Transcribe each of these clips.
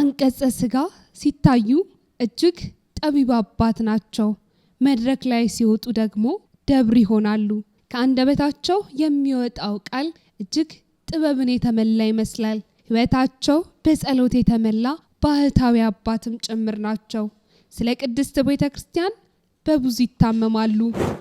አንቀጸ ስጋ ሲታዩ እጅግ ጠቢብ አባት ናቸው። መድረክ ላይ ሲወጡ ደግሞ ደብር ይሆናሉ። ከአንደበታቸው የሚወጣው ቃል እጅግ ጥበብን የተመላ ይመስላል። ሕይወታቸው በጸሎት የተመላ ባህታዊ አባትም ጭምር ናቸው። ስለ ቅድስት ቤተ ክርስቲያን በብዙ ይታመማሉ።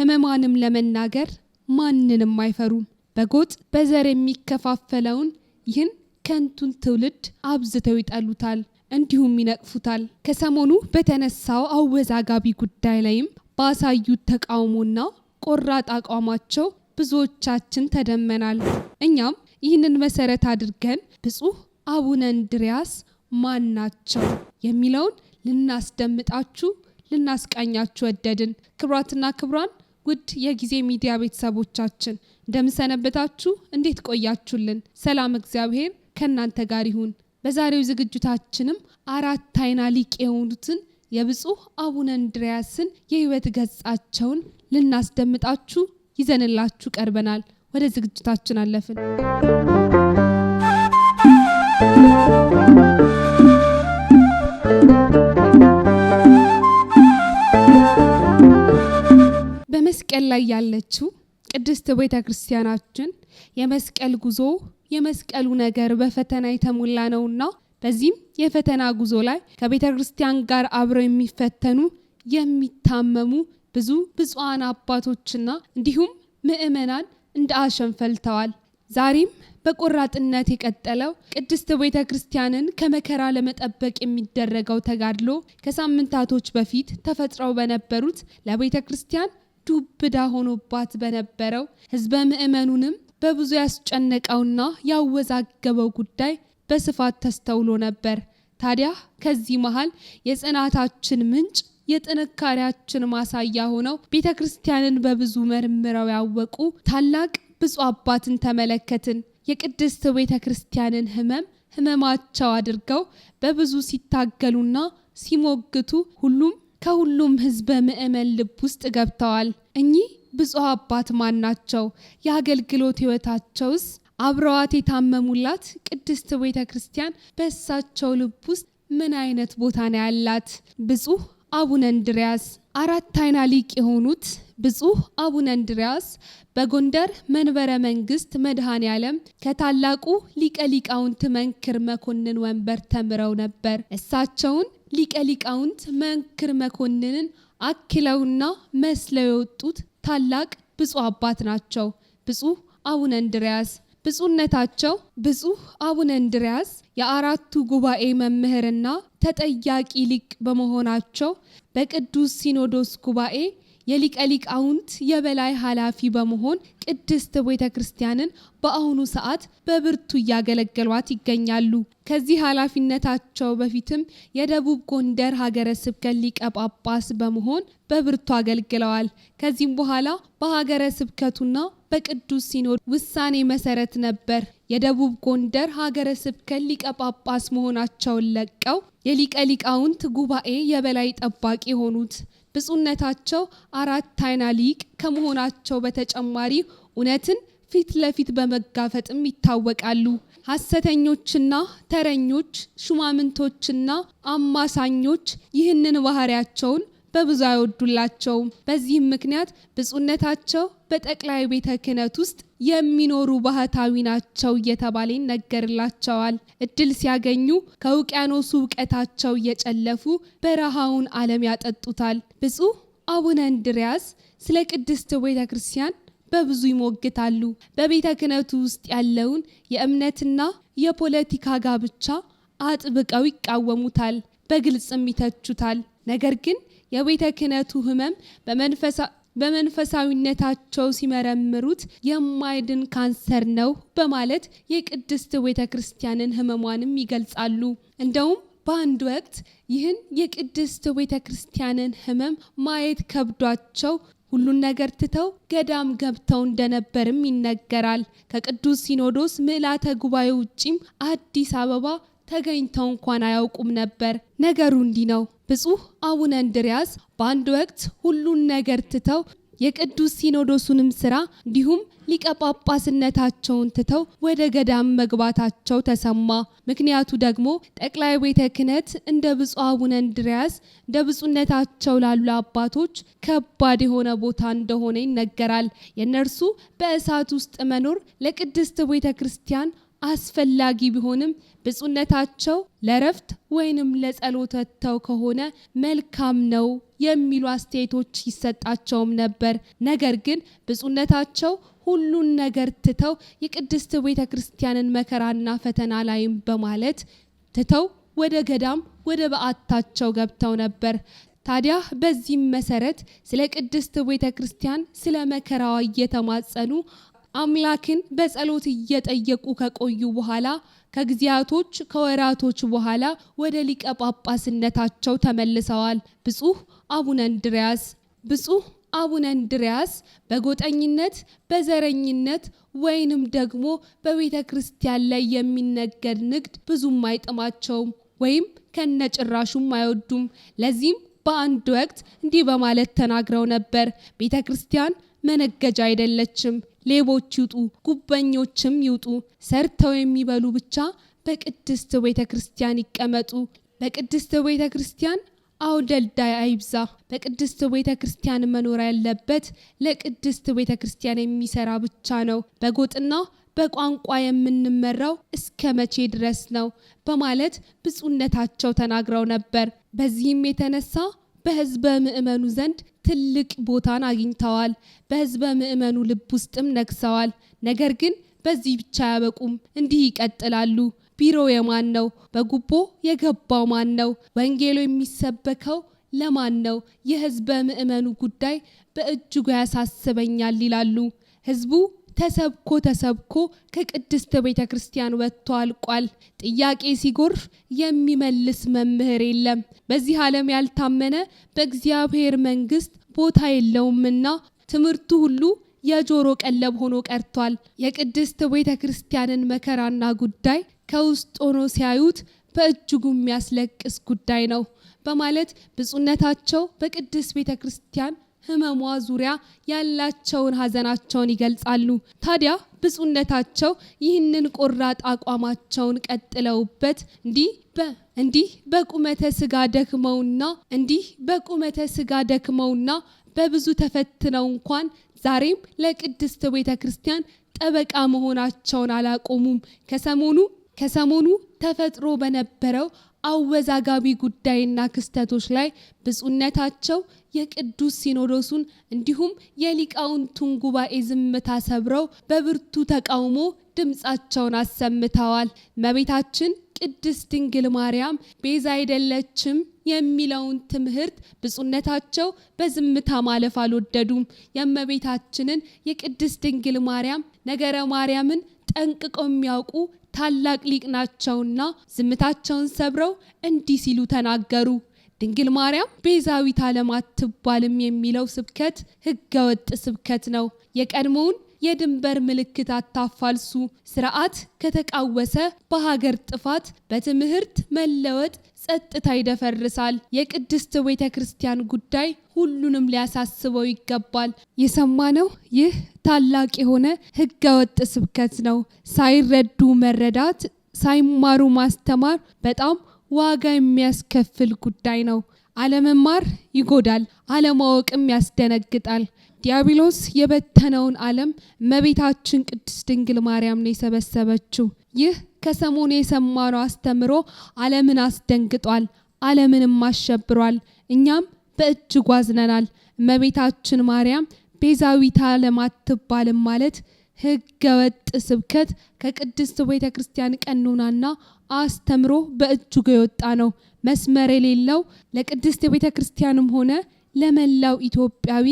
ሕመማንም ለመናገር ማንንም አይፈሩም። በጎጥ በዘር የሚከፋፈለውን ይህን ከንቱን ትውልድ አብዝተው ይጠሉታል፣ እንዲሁም ይነቅፉታል። ከሰሞኑ በተነሳው አወዛጋቢ ጉዳይ ላይም ባሳዩት ተቃውሞና ቆራጥ አቋማቸው ብዙዎቻችን ተደመናል። እኛም ይህንን መሰረት አድርገን ብፁዕ አቡነ እንድርያስ ማን ናቸው የሚለውን ልናስደምጣችሁ ልናስቃኛችሁ ወደድን። ክብራትና ክብራን ውድ የጊዜ ሚዲያ ቤተሰቦቻችን እንደምሰነበታችሁ፣ እንዴት ቆያችሁልን? ሰላም እግዚአብሔር ከእናንተ ጋር ይሁን። በዛሬው ዝግጅታችንም አራት አይና ሊቅ የሆኑትን የብፁህ አቡነ እንድርያስን የህይወት ገጻቸውን ልናስደምጣችሁ ይዘንላችሁ ቀርበናል። ወደ ዝግጅታችን አለፍን። በመስቀል ላይ ያለችው ቅድስት ቤተ ክርስቲያናችን የመስቀል ጉዞ የመስቀሉ ነገር በፈተና የተሞላ ነውና በዚህም የፈተና ጉዞ ላይ ከቤተ ክርስቲያን ጋር አብረው የሚፈተኑ የሚታመሙ ብዙ ብፁዓን አባቶችና እንዲሁም ምእመናን እንደ አሸን ፈልተዋል። ዛሬም በቆራጥነት የቀጠለው ቅድስት ቤተ ክርስቲያንን ከመከራ ለመጠበቅ የሚደረገው ተጋድሎ ከሳምንታቶች በፊት ተፈጥረው በነበሩት ለቤተ ክርስቲያን ዱብዳ ሆኖባት በነበረው ህዝበ ምእመኑንም በብዙ ያስጨነቀውና ያወዛገበው ጉዳይ በስፋት ተስተውሎ ነበር። ታዲያ ከዚህ መሃል የጽናታችን ምንጭ የጥንካሬያችን ማሳያ ሆነው ቤተ ክርስቲያንን በብዙ መርምረው ያወቁ ታላቅ ብፁዕ አባትን ተመለከትን። የቅድስት ቤተ ክርስቲያንን ህመም ህመማቸው አድርገው በብዙ ሲታገሉና ሲሞግቱ ሁሉም ከሁሉም ህዝበ ምእመን ልብ ውስጥ ገብተዋል። እኚህ ብፁዕ አባት ማን ናቸው? የአገልግሎት ሕይወታቸውስ? አብረዋት የታመሙላት ቅድስት ቤተ ክርስቲያን በእሳቸው ልብ ውስጥ ምን አይነት ቦታ ነው ያላት? ብፁዕ አቡነ እንድሪያስ አራት አይና ሊቅ የሆኑት ብፁዕ አቡነ እንድሪያስ በጎንደር መንበረ መንግስት መድኃኔ ዓለም ከታላቁ ሊቀ ሊቃውንት መንክር መኮንን ወንበር ተምረው ነበር። እሳቸውን ሊቀ ሊቃውንት መንክር መኮንንን አክለውና መስለው የወጡት ታላቅ ብፁዕ አባት ናቸው። ብፁዕ አቡነ እንድርያስ ብፁዕነታቸው ብፁዕ አቡነ እንድርያስ የአራቱ ጉባኤ መምህርና ተጠያቂ ሊቅ በመሆናቸው በቅዱስ ሲኖዶስ ጉባኤ የሊቀ ሊቃውንት የበላይ ኃላፊ በመሆን ቅድስት ቤተ ክርስቲያንን በአሁኑ ሰዓት በብርቱ እያገለገሏት ይገኛሉ። ከዚህ ኃላፊነታቸው በፊትም የደቡብ ጎንደር ሀገረ ስብከት ሊቀ ጳጳስ በመሆን በብርቱ አገልግለዋል። ከዚህም በኋላ በሀገረ ስብከቱና በቅዱስ ሲኖድ ውሳኔ መሰረት ነበር የደቡብ ጎንደር ሀገረ ስብከት ሊቀ ጳጳስ መሆናቸውን ለቀው የሊቀ ሊቃውንት ጉባኤ የበላይ ጠባቂ የሆኑት። ብፁዕነታቸው አራት አይና ሊቅ ከመሆናቸው በተጨማሪ እውነትን ፊት ለፊት በመጋፈጥም ይታወቃሉ። ሐሰተኞችና ተረኞች ሹማምንቶችና አማሳኞች ይህንን ባህሪያቸውን በብዙ አይወዱላቸውም። በዚህም ምክንያት ብፁዕነታቸው በጠቅላይ ቤተ ክህነት ውስጥ የሚኖሩ ባህታዊ ናቸው እየተባለ ይነገርላቸዋል። እድል ሲያገኙ ከውቅያኖሱ እውቀታቸው እየጨለፉ በረሃውን ዓለም ያጠጡታል። ብፁዕ አቡነ እንድርያስ ስለ ቅድስት ቤተ ክርስቲያን በብዙ ይሞግታሉ። በቤተ ክህነቱ ውስጥ ያለውን የእምነትና የፖለቲካ ጋብቻ አጥብቀው ይቃወሙታል። በግልጽም ይተቹታል። ነገር ግን የቤተ ክህነቱ ህመም በመንፈሳዊነታቸው ሲመረምሩት የማይድን ካንሰር ነው በማለት የቅድስት ቤተ ክርስቲያንን ህመሟንም ይገልጻሉ። እንደውም በአንድ ወቅት ይህን የቅድስት ቤተ ክርስቲያንን ህመም ማየት ከብዷቸው ሁሉን ነገር ትተው ገዳም ገብተው እንደነበርም ይነገራል። ከቅዱስ ሲኖዶስ ምዕላተ ጉባኤ ውጪም አዲስ አበባ ተገኝተው እንኳን አያውቁም ነበር። ነገሩ እንዲህ ነው። ብፁህ አቡነ እንድርያስ በአንድ ወቅት ሁሉን ነገር ትተው የቅዱስ ሲኖዶሱንም ስራ እንዲሁም ሊቀ ጳጳስነታቸውን ትተው ወደ ገዳም መግባታቸው ተሰማ። ምክንያቱ ደግሞ ጠቅላይ ቤተ ክህነት እንደ ብፁዕ አቡነ እንድርያስ እንደ ብፁዕነታቸው ላሉ አባቶች ከባድ የሆነ ቦታ እንደሆነ ይነገራል። የእነርሱ በእሳት ውስጥ መኖር ለቅድስት ቤተ ክርስቲያን አስፈላጊ ቢሆንም ብፁነታቸው ለረፍት ወይንም ለጸሎተተው ከሆነ መልካም ነው የሚሉ አስተያየቶች ይሰጣቸውም ነበር። ነገር ግን ብፁነታቸው ሁሉን ነገር ትተው የቅድስት ቤተ ክርስቲያንን መከራና ፈተና ላይም በማለት ትተው ወደ ገዳም ወደ በዓታቸው ገብተው ነበር። ታዲያ በዚህም መሰረት ስለ ቅድስት ቤተ ክርስቲያን ስለ መከራዋ እየተማጸኑ አምላክን በጸሎት እየጠየቁ ከቆዩ በኋላ ከጊዜያቶች ከወራቶች በኋላ ወደ ሊቀ ጳጳስነታቸው ተመልሰዋል። ብጹህ አቡነ እንድርያስ ብጹህ አቡነ እንድርያስ በጎጠኝነት በዘረኝነት ወይንም ደግሞ በቤተ ክርስቲያን ላይ የሚነገድ ንግድ ብዙም አይጥማቸውም ወይም ከነጭራሹም አይወዱም። ለዚህም በአንድ ወቅት እንዲህ በማለት ተናግረው ነበር ቤተ ክርስቲያን መነገጃ አይደለችም። ሌቦች ይውጡ፣ ጉበኞችም ይውጡ፣ ሰርተው የሚበሉ ብቻ በቅድስት ቤተ ክርስቲያን ይቀመጡ። በቅድስት ቤተ ክርስቲያን አውደልዳይ አይብዛ። በቅድስት ቤተ ክርስቲያን መኖር ያለበት ለቅድስት ቤተ ክርስቲያን የሚሰራ ብቻ ነው። በጎጥና በቋንቋ የምንመራው እስከ መቼ ድረስ ነው? በማለት ብፁዕነታቸው ተናግረው ነበር። በዚህም የተነሳ በሕዝበ ምእመኑ ዘንድ ትልቅ ቦታን አግኝተዋል። በህዝበ ምዕመኑ ልብ ውስጥም ነግሰዋል። ነገር ግን በዚህ ብቻ አያበቁም፣ እንዲህ ይቀጥላሉ። ቢሮ የማን ነው? በጉቦ የገባው ማን ነው? ወንጌሉ የሚሰበከው ለማን ነው? የህዝበ ምዕመኑ ጉዳይ በእጅጉ ያሳስበኛል ይላሉ። ህዝቡ ተሰብኮ ተሰብኮ ከቅድስት ቤተ ክርስቲያን ወጥቶ አልቋል። ጥያቄ ሲጎርፍ የሚመልስ መምህር የለም። በዚህ ዓለም ያልታመነ በእግዚአብሔር መንግስት ቦታ የለውምና ትምህርቱ ሁሉ የጆሮ ቀለብ ሆኖ ቀርቷል። የቅድስት ቤተ ክርስቲያንን መከራና ጉዳይ ከውስጥ ሆኖ ሲያዩት በእጅጉ የሚያስለቅስ ጉዳይ ነው በማለት ብፁዕነታቸው በቅድስት ቤተ ክርስቲያን ሕመሟ ዙሪያ ያላቸውን ሀዘናቸውን ይገልጻሉ። ታዲያ ብፁዕነታቸው ይህንን ቆራጥ አቋማቸውን ቀጥለውበት እንዲህ እንዲህ በቁመተ ስጋ ደክመውና እንዲህ በቁመተ ስጋ ደክመውና በብዙ ተፈትነው እንኳን ዛሬም ለቅድስት ቤተ ክርስቲያን ጠበቃ መሆናቸውን አላቆሙም። ከሰሞኑ ከሰሞኑ ተፈጥሮ በነበረው አወዛጋቢ ጉዳይና ክስተቶች ላይ ብፁዕነታቸው የቅዱስ ሲኖዶሱን እንዲሁም የሊቃውንቱን ጉባኤ ዝምታ ሰብረው በብርቱ ተቃውሞ ድምፃቸውን አሰምተዋል። መቤታችን ቅድስት ድንግል ማርያም ቤዛ አይደለችም የሚለውን ትምህርት ብፁነታቸው በዝምታ ማለፍ አልወደዱም። የእመቤታችንን የቅድስት ድንግል ማርያም ነገረ ማርያምን ጠንቅቀው የሚያውቁ ታላቅ ሊቅ ናቸውና ዝምታቸውን ሰብረው እንዲህ ሲሉ ተናገሩ። ድንግል ማርያም ቤዛዊት ዓለም አትባልም የሚለው ስብከት ሕገወጥ ስብከት ነው። የቀድሞውን የድንበር ምልክት አታፋልሱ። ስርዓት ከተቃወሰ በሀገር ጥፋት፣ በትምህርት መለወጥ ጸጥታ ይደፈርሳል። የቅድስት ቤተ ክርስቲያን ጉዳይ ሁሉንም ሊያሳስበው ይገባል። የሰማነው ይህ ታላቅ የሆነ ህገወጥ ስብከት ነው። ሳይረዱ መረዳት፣ ሳይማሩ ማስተማር በጣም ዋጋ የሚያስከፍል ጉዳይ ነው። አለመማር ይጎዳል፣ አለማወቅም ያስደነግጣል። ዲያብሎስ የበተነውን ዓለም እመቤታችን ቅድስት ድንግል ማርያም ነው የሰበሰበችው። ይህ ከሰሞኑ የሰማነው አስተምሮ ዓለምን አስደንግጧል፣ ዓለምንም አሸብሯል። እኛም በእጅጉ አዝነናል። እመቤታችን ማርያም ቤዛዊት ዓለም አትባልም ማለት ህገ ወጥ ስብከት ከቅድስት ቤተ ክርስቲያን ቀኖናና አስተምሮ በእጅጉ የወጣ ነው። መስመር የሌለው ለቅድስት ቤተ ክርስቲያንም ሆነ ለመላው ኢትዮጵያዊ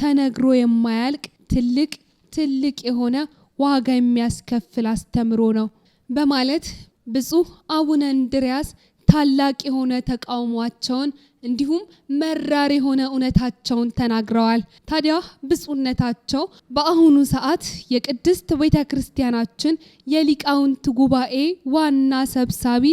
ተነግሮ የማያልቅ ትልቅ ትልቅ የሆነ ዋጋ የሚያስከፍል አስተምሮ ነው በማለት ብፁዕ አቡነ እንድርያስ ታላቅ የሆነ ተቃውሟቸውን እንዲሁም መራር የሆነ እውነታቸውን ተናግረዋል። ታዲያ ብፁዕነታቸው በአሁኑ ሰዓት የቅድስት ቤተ ክርስቲያናችን የሊቃውንት ጉባኤ ዋና ሰብሳቢ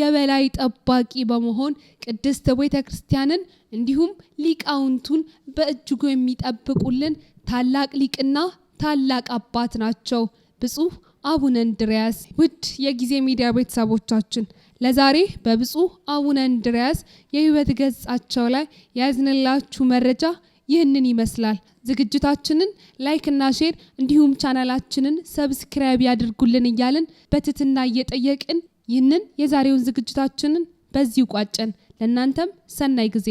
የበላይ ጠባቂ በመሆን ቅድስት ቤተ ክርስቲያንን እንዲሁም ሊቃውንቱን በእጅጉ የሚጠብቁልን ታላቅ ሊቅና ታላቅ አባት ናቸው ብፁዕ አቡነ እንድርያስ። ውድ የጊዜ ሚዲያ ቤተሰቦቻችን ለዛሬ በብፁዕ አቡነ እንድርያስ የህይወት ገጻቸው ላይ ያዝንላችሁ መረጃ ይህንን ይመስላል። ዝግጅታችንን ላይክ እና ሼር እንዲሁም ቻናላችንን ሰብስክራይብ ያድርጉልን እያልን በትትና እየጠየቅን ይህንን የዛሬውን ዝግጅታችንን በዚህ ቋጨን። ለእናንተም ሰናይ ጊዜ